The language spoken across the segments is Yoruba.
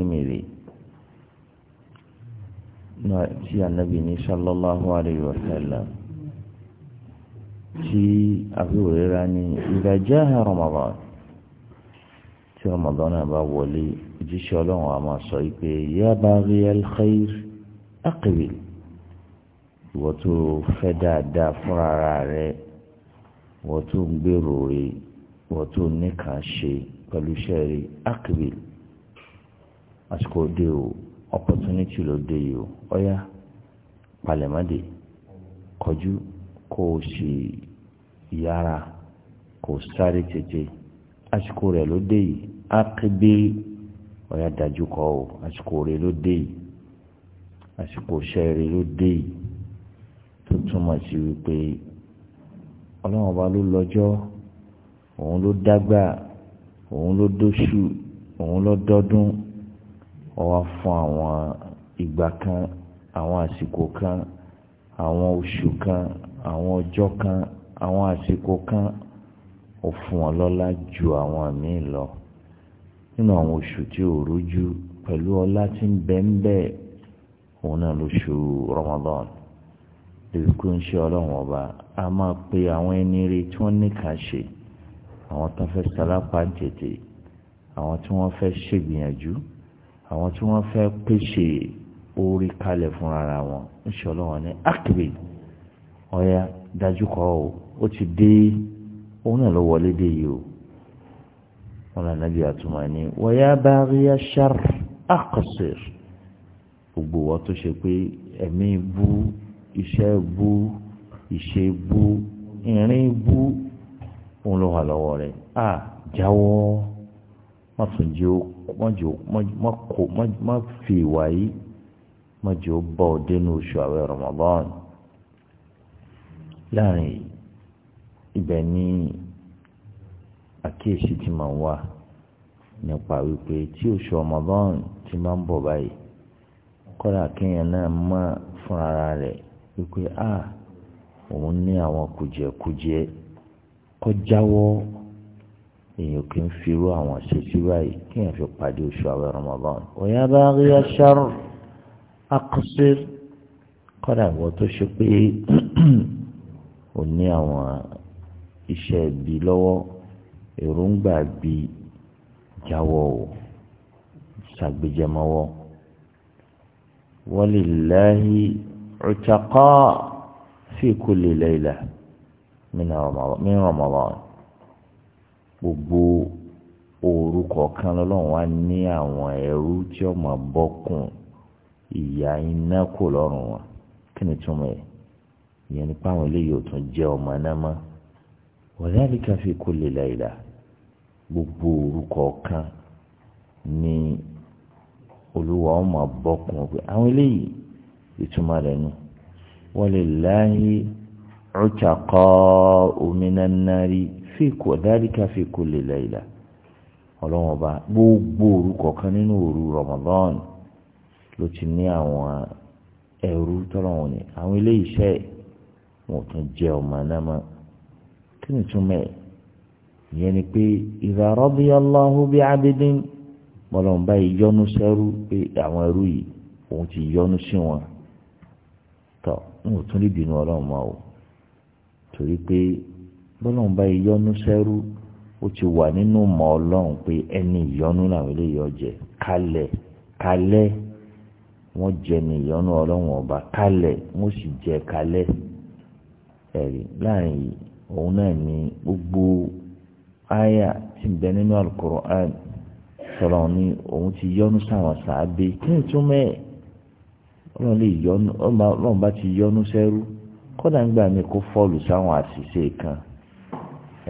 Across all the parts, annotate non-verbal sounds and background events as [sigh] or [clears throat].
إميلي نأتي النبي صلى الله عليه وسلم في أبي هريرة إذا جاء رمضان tí Ramadan bá wọlé òjíṣẹ́ ọlọ́run a máa sọ pé ya baghiyal khair aqbil ìwọ tó fẹ́ dáadáa fúnra ara rẹ ìwọ tó ń gbèrò rẹ ìwọ tó níkà ṣe pẹ̀lú iṣẹ́ rẹ aqbil àsìkò òde o opportunity ló dé yìí o ọ̀yá palẹ̀mọ́dé kọjú kó o sì yára kó o sáré tètè àsìkò rẹ̀ ló dé yìí ákébé ọ̀yá dájú kọ o àsìkò rẹ̀ ló dé yìí àsìkò sẹ́ẹ̀rẹ̀ ló dé yìí tó túmọ̀ sí wípé ọlọ́run ọba ló lọ́jọ́ òun ló dágbà òun ló dóṣù òun ló dọ́dún wọ́n wá fún àwọn ìgbà kan àwọn àsìkò kan àwọn oṣù kan àwọn ọjọ́ kan àwọn àsìkò kan ó fún wọn lọ́lá ju àwọn míì lọ nínú àwọn oṣù tí ò rújú pẹ̀lú ọlá tí ń bẹ ń bẹ òun náà lóṣù Ramadan lèyí kó ń ṣe ọlọ́run ọba a máa pe àwọn ẹni rí tí wọ́n níkà ṣe àwọn tó fẹ́ sálápá tètè àwọn tí wọ́n fẹ́ ṣègbìyànjú àwọn tí wọ́n fẹ́ pèsè orí kalẹ̀ fún ara wọn ńṣọlọ wọn ní akiri ọ̀ya dájú kọ́ o ó ti dé òun náà ló wọlé dé yìí o wọn là nábì àtúmọ̀ ní wọ́yá bá rí aṣáàr àkọsẹ̀r gbogbo wọn tó ṣe pé ẹ̀mí bú iṣẹ́ bú ìṣe bú ìrìn bú òun ló wà lọ́wọ́ rẹ̀ à jáwọ́ má tún jẹ́ ó mọ́jọ mọ́kò mọ́fì wáyé mọ́jọ bọ́ ọ dénú oṣù àwẹ̀ Ramadan láàrin ibẹ̀ ní àkíyèsí ti máa ń wà nípa wípé tí oṣù Ramadan ti máa ń bọ̀ báyìí kọ́dà kéèyàn náà mọ̀ fúnra rẹ̀ wípé a ah, òun ní àwọn kùjẹ́kùjẹ́ kọjáwọ́ èèyàn kì í fi irú àwọn ṣèṣì báyìí kí èèyàn fi pàdé oṣù àwẹ̀ Ramadan òyà bá rí aṣáró akọsir kọ́dà ìwọ tó ṣe pé ò [clears throat] ní àwọn iṣẹ́ ibi lọ́wọ́ èròǹgbà bí jáwọ́ ò ṣàgbéjẹmọ́wọ́ walillahi utaqa fi kulli layla min Ramadan. gbogbo òru kọ̀ọ̀kan lọ́lọ́run ní àwọn tí ó máa bọ́kùn ìyá iná kò lọ́rùn kí ni túmọ̀ ẹ̀ ìyẹn ni eléyìí ò tún jẹ́ ọmọ náà mọ́ wadhalika fi kulli layla gbogbo òru kọ̀ọ̀kan ni olúwa ó máa bọ́kùn ọ̀gbẹ́ àwọn eléyìí ìtumọ̀ rẹ̀ nù fíkù ọ̀dáríkà fíkù lè lẹ́yìnlá ọlọ́wọ́n gbogbo òru kọ̀ọ̀kan nínú òru Ramadan ló ti ní àwọn ẹrú tọ́lọ́wọ́n ni àwọn ilé iṣẹ́ wọn tún jẹ́ ọmọ náà mọ́ kí ni túmọ̀ ẹ̀ ìyẹn ni pé idha radiyallahu bí yìí pé àwọn ẹrú yìí òun ti yọ́nú sí wọn tọ n ò tún o torí bọ́lọ́run bá ìyọnu sẹ́rú ó ti wà nínú mọ́ ọlọ́run pé ẹni ìyọnu làwọn eléyìí ọjẹ kalẹ̀ kalẹ̀ wọ́n jẹ ní ìyọnu ọlọ́run ọba wọ́n sì jẹ kalẹ̀ ẹ̀rí láàrin yìí òun náà ni gbogbo aya ti nínú alukoro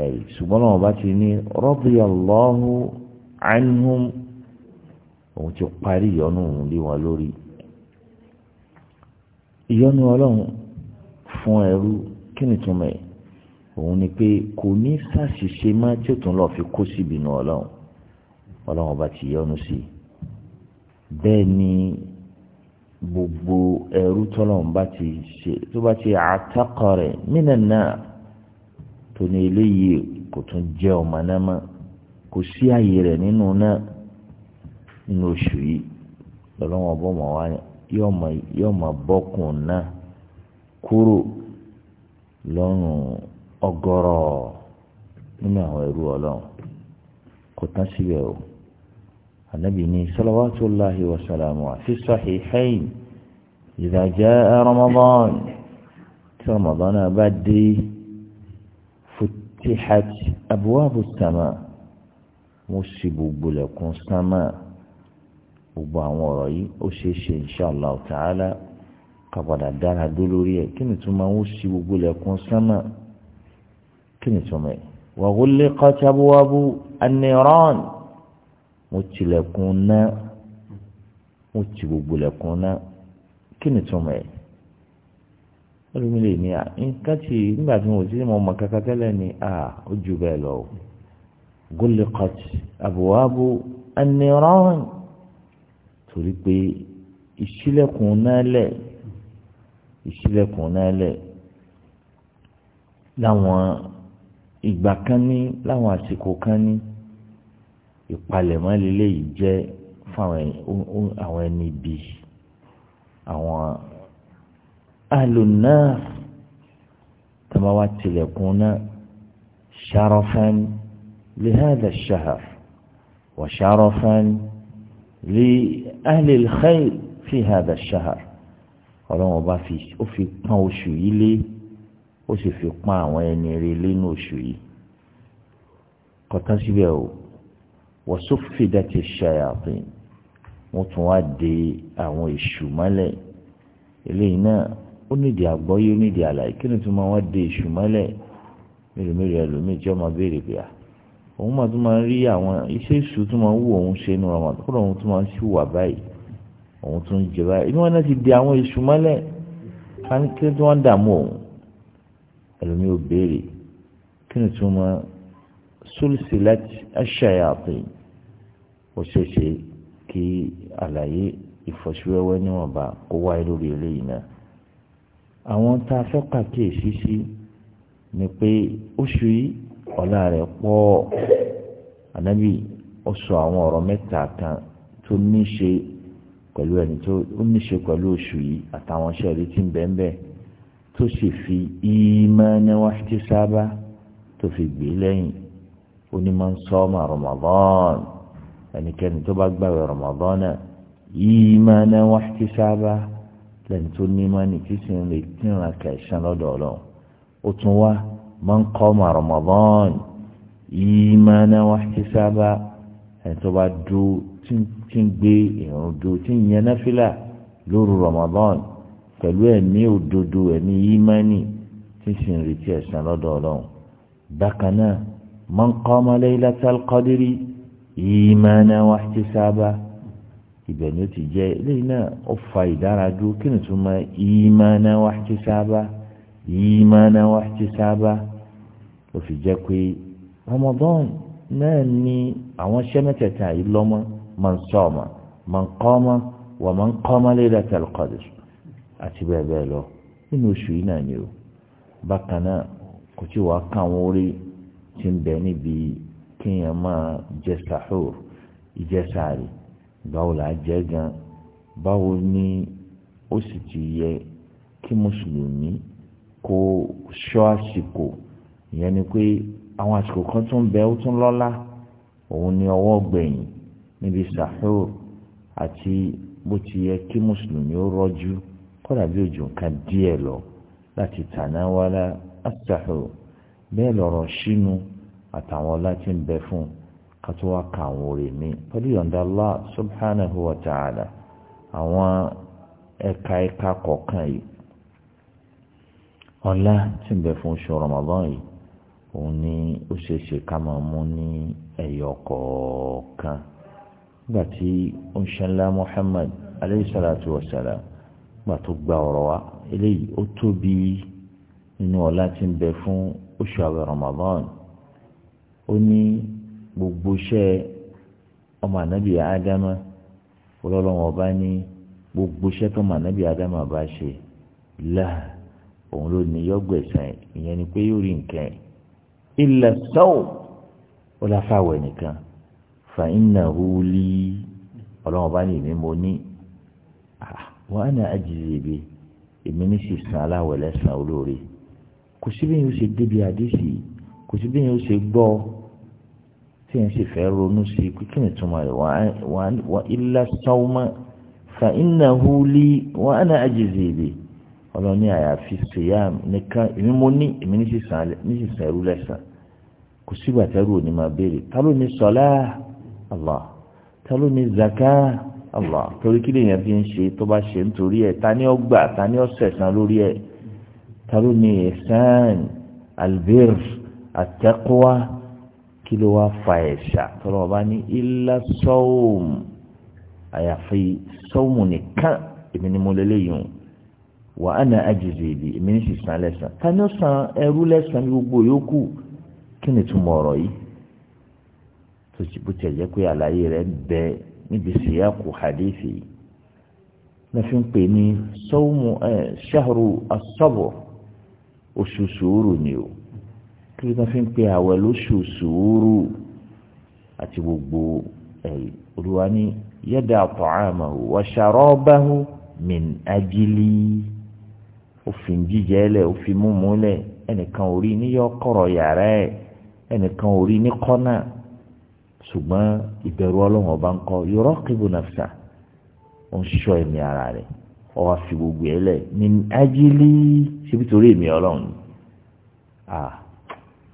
fẹ́ yìí ṣùgbọ́n náà bá ti ní radiyallahu anhum òun ti parí ìyọnu òun lé wọn lórí ìyọnu ọlọ́run fún ẹrú kí ni túmọ̀ ẹ̀ òun ni pé kò ní ṣàṣìṣe má tí ó tún lọ́ọ́ fi kó síbi nu ọlọ́run ọlọ́run ọba ti yọnu sí i bẹ́ẹ̀ ni gbogbo ẹrú tọ́lọ́run bá ti ṣe tó bá ti àtàkọ rẹ̀ nínú náà tó ní eléyìí kò tún jẹ́ ọmọ náà mọ́ kò sí àyè rẹ̀ nínú náà nínú oṣù yìí lọ́lọ́wọ́n bọ́ mọ̀ wá yóò mọ̀ bọ́kùn náà kúrò lọ́rùn ọgọ́rọ̀ nínú àwọn ẹrú ọlọ́run kò tán síbẹ̀ o anabi ni salawatullahi wa salamu fi sahihayn idha jaa ramadan tí ramadan náà bá dé futihat abwabu sama wọ́n sì gbogbo lẹ̀kùn sama gbogbo àwọn ọ̀rọ̀ yìí ó ṣeé ṣe inshallah ta'ala kàpadà dára dó lórí ẹ̀ kí ni tó máa ń sì gbogbo lẹ̀kùn sama kí ni tó máa wa ghulliqat abwabu an-niran wọ́n tilẹ̀kùn náà wọ́n ti gbogbo lẹ̀kùn náà kí ni tó máa olùmílẹ̀ ni à nǹkan tí nígbà tí mo ti mọ ọmọ kankan tẹ́lẹ̀ ni à ó ju bẹ́ẹ̀ lọ o goliqat abwabu an-niran torí pé ìṣílẹ̀kùn náà lẹ̀ ìṣílẹ̀kùn náà lẹ̀ láwọn ìgbà kan ní láwọn àsìkò kan ní ìpalẹ̀mọ́ lélẹ́yìí jẹ́ fún àwọn ẹni bíi àwọn ahlùnà tàmáwá tilẹ̀kùn náà sharafan li hadha ash-shahr wa sharafan li ahli al-khayr fi hadha ash-shahr ọlọ́run ọba ó fi pọ́n oṣù yìí lé ó sì fi pọ́n àwọn ẹni rí lẹ́nu oṣù yìí kọ́tà síbẹ̀ o wọ́n suffidat ash-shayatin tún wá de àwọn èṣù mọ́lẹ̀ eléyìí náà ó nídìí àgbọ́yé ó nídìí àlàyé kí ni tí mo wọ́n de èṣù mọ́lẹ̀ mèremère ẹlòmíì tí ọmọ béèrè pé à òun máa tún máa ń rí àwọn iṣẹ́ èṣù tó máa ń wù òun ṣe nu ọmọ tó kọ́ òun tó máa ń ṣì wà báyìí òun tó ń jẹ báyìí inú wọn náà ti di àwọn èṣù mọ́lẹ̀ kí ni tí wọ́n ń dààmú òun ẹlòmíì ó béèrè kí ni tí mo sulsilat ash-shayatin ó ṣeéṣe kí àlàyé ìfọ̀síwẹ́wẹ́ níwọ̀nba kó wáyé lórí eléyìí náà àwọn tá a fẹ́ pàkíyèsí sí ni pé oṣù yìí ọlá rẹ̀ pọ̀ ànábì ó sọ àwọn ọ̀rọ̀ mẹ́ta kan tó ní ṣe pẹ̀lú ẹni tó ó ní ṣe pẹ̀lú oṣù yìí àtàwọn iṣẹ́ rí ti ń bẹ́ẹ̀ bẹ́ẹ̀ tó sì fi ìmánì wá ti sábà tó fi gbé lẹ́yìn onímọ̀ ń sọ ẹnikẹ́ni tó bá gbàwé Ramadan náà ìmánì wá ti sábà lẹ́ni tó ní mọ́ni tí sì ń retí ìran kẹsàn lọ́dọ̀ ọlọ́run ó tún wá man qama Ramadan imanan wa ihtisaba ẹni tó bá dúró tí ń gbé ìrun dúró tí ń yẹn náfìlà lóru Ramadan pẹ̀lú ẹ̀mí òdodo ẹ̀mí ìmánì tí sì ń retí ẹ̀san lọ́dọ̀ ọlọ́run bákan náà man qama laylatal qadri imanan wa ihtisaba ibẹ̀ ni ó ti jẹ́ eléyìí náà ó fa ìdáradúró kí ni tó mọ ìmánà wá ti sábà ìmánà wá ti sábà ó fi jẹ́ pé Ramadan náà ni àwọn iṣẹ́ mẹ́tẹ̀ẹ̀ta yìí lọ́mọ man sọ́ọ̀mà man qama wa man qama laylatal qadr àti bẹ́ẹ̀ bẹ́ẹ̀ lọ nínú oṣù yìí náà ni o bákan náà kò tí wàá kàn wọ́n rí ti ń bẹ níbi kéèyàn máa jẹ sàhóòrò ìjẹsàárì báwo là á jẹ́ gan báwo ni ó sì ti yẹ kí mùsùlùmí kó ṣọ́ àsìkò ìyẹn ni pé àwọn àsìkò kan tún bẹ ó tún lọ́lá òun ni ọwọ́ gbẹ̀yìn níbi sahur àti bó ti yẹ kí mùsùlùmí ó rọ́jú kódà bí òjò nǹkan díẹ̀ lọ láti tànáwálá as-sahur bẹ́ẹ̀ lọ̀rọ̀ sínú àtàwọn ọlá tí ń bẹ fún un kátó wá ka àwọn orí mi pẹ̀lú yọ̀ǹda Allah subhanahu wa ta'ala àwọn ẹ̀ka ẹ̀ka kọ̀ọ̀kan yìí ọlá tí ń bẹ fún oṣù Ramadan yìí òun ni ó ṣe é ṣe ká máa mú ní ẹ̀yọ kọ̀ọ̀kan nígbà tí oṣanlá Muhammad aleyhi salatu wa salam gbà tó gba ọ̀rọ̀ wa eléyìí ó tóbi nínú ọlá tí ń bẹ fún oṣù Ramadan ó ní gbogbo iṣẹ́ ọmọ ànábì ádámà ọlọ́lọ́wọ́n ọba ní gbogbo iṣẹ́ tọ́mọ ànábì ádámà bá ṣe láà òun ló ní yọ́gbẹ̀sán ìyẹn ni pé yóò rí nǹkan ẹ̀ ilẹ̀ sọ́ọ̀ ó láfàwẹ̀ nìkan fàyínà húlí ọlọ́wọ́n bá ní èmi mo ní wọ́n á ní àjèjì èmi ní sì san aláwẹ̀ lẹ́sàn olóore kò sí bí yóò ṣe débi àdéṣì kò sí bí yóò ṣe gbọ́ ọ tí n sì fẹ́ ronú sí i kí ni túmọ̀ rẹ̀ wà ilá sọ́ọ́mọ́ fa iná húlí wà á náà àjèjì èdè ọlọ́ni àyàfi sèyàm nìkan èmi mo ní èmi ní sísan ẹrú lẹ́sàn kò sígbà tẹ́rù òní máa béèrè ta ló ní sọlá Allah ta ló ní zaka Allah torí kí lèèyàn fi ń ṣe tó bá ṣe nítorí ẹ̀ ta ni ó gbà ta ni ó sẹ̀san lórí ẹ̀ ta ní ẹ̀sán albir àtẹ́kọ́wá kí ló wá fa ẹ̀ṣà tọ́lọ́ ọba ní ilá sọ́ọ̀mù àyàfi sọ́ọ̀mù nìkan èmi ni mo lélẹ́yìn o wà á na àjèjì ìdí èmi ní sísan lẹ́sàn ta ni ó san ẹrú lẹ́sàn ní gbogbo yòókù kí ni túmọ̀ ọ̀rọ̀ yìí tó ti bó tiẹ̀ jẹ́ pé àlàyé rẹ̀ bẹ níbi síyàkù hadithi yìí na fi ń pè ní sọ́ọ̀mù ẹ̀ eh, ṣahru asọ́bọ̀ oṣù sùúrù ni o kí ló fi ń pe àwẹ̀ lóṣù sùúrù àti gbogbo ẹ̀rí olúwa ní yẹ́dà ta'amahu wa sharabahu min ajili òfin jíjẹ lẹ̀ òfin múmu lẹ̀ ẹnìkan ò rí níyọ kọ̀rọ̀ yàrá ẹ̀ ẹnìkan ò rí ní kọ́nà ṣùgbọ́n ìbẹ̀rù ọlọ́run ọba ń kọ́ yuraqibu nafsa ó ń ṣọ́ ẹ̀mí ara rẹ̀ ó fi gbogbo ẹ̀ lẹ̀ min ajili ṣe bí torí èmi ọlọ́run ni.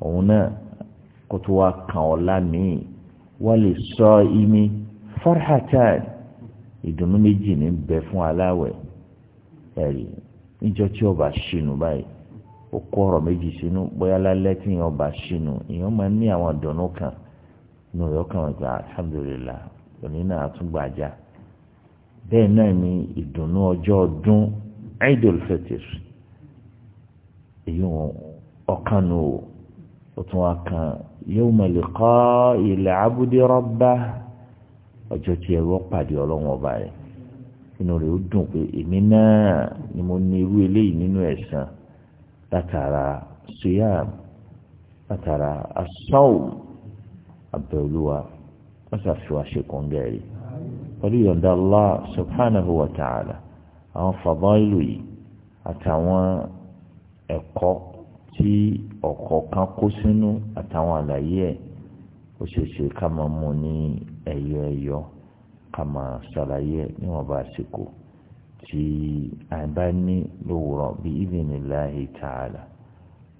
òun náà kó tó wá kàn ọ́ lámìí wọ́n lè sọ imi farhatan ìdùnnú méjì ní bẹ fún aláwẹ̀ ẹ̀rí níjọ́ tí ọba ṣinú báyìí ó kó ọ̀rọ̀ méjì sínú bóyá lálẹ́ tí ìyẹn ọba ṣinú ìyẹn máa ń ní àwọn ìdùnnú kan ní ọ̀yọ́ kan wọ́n gba alhamdulillah òní náà tún gbàjà bẹ́ẹ̀ náà ni ìdùnnú ọjọ́ ọdún Eid al èyí wọn ọ̀kan nù o. ó tún wá kan yawma liqa'il abdi rabbah ọjọ́ tí ẹ̀rọ pàdé ọlọ́run ọba rẹ̀ inú rẹ̀ ó dùn pé èmi náà ni mo ní irú eléyìí nínú ẹ̀san látara suyam látara asáwò abẹ́olúwa wọ́n ṣàfihàn ṣèkóńgẹ́ rí pẹ̀lú yọ̀ǹda Allah subhanahu wa ta'ala àwọn fàbọ́ ìlú yìí àtàwọn ẹ̀kọ́ tí ọ̀kọ̀ọ̀kan kó sínú àtàwọn àlàyé ẹ̀ ó ṣe ṣe ká máa mú ní ẹ̀yọ ẹ̀yọ ká máa ṣàlàyé ẹ̀ níwọ̀nba àsìkò tí àbá ní lówùrọ̀ bí idhnillahi ta'ala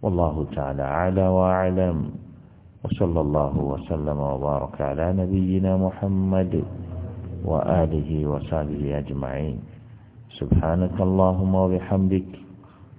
wallahu ta'ala a'la wa a'lam wa sallallahu wa sallama wa baraka ala nabiyyina muhammad wa alihi wa sahbihi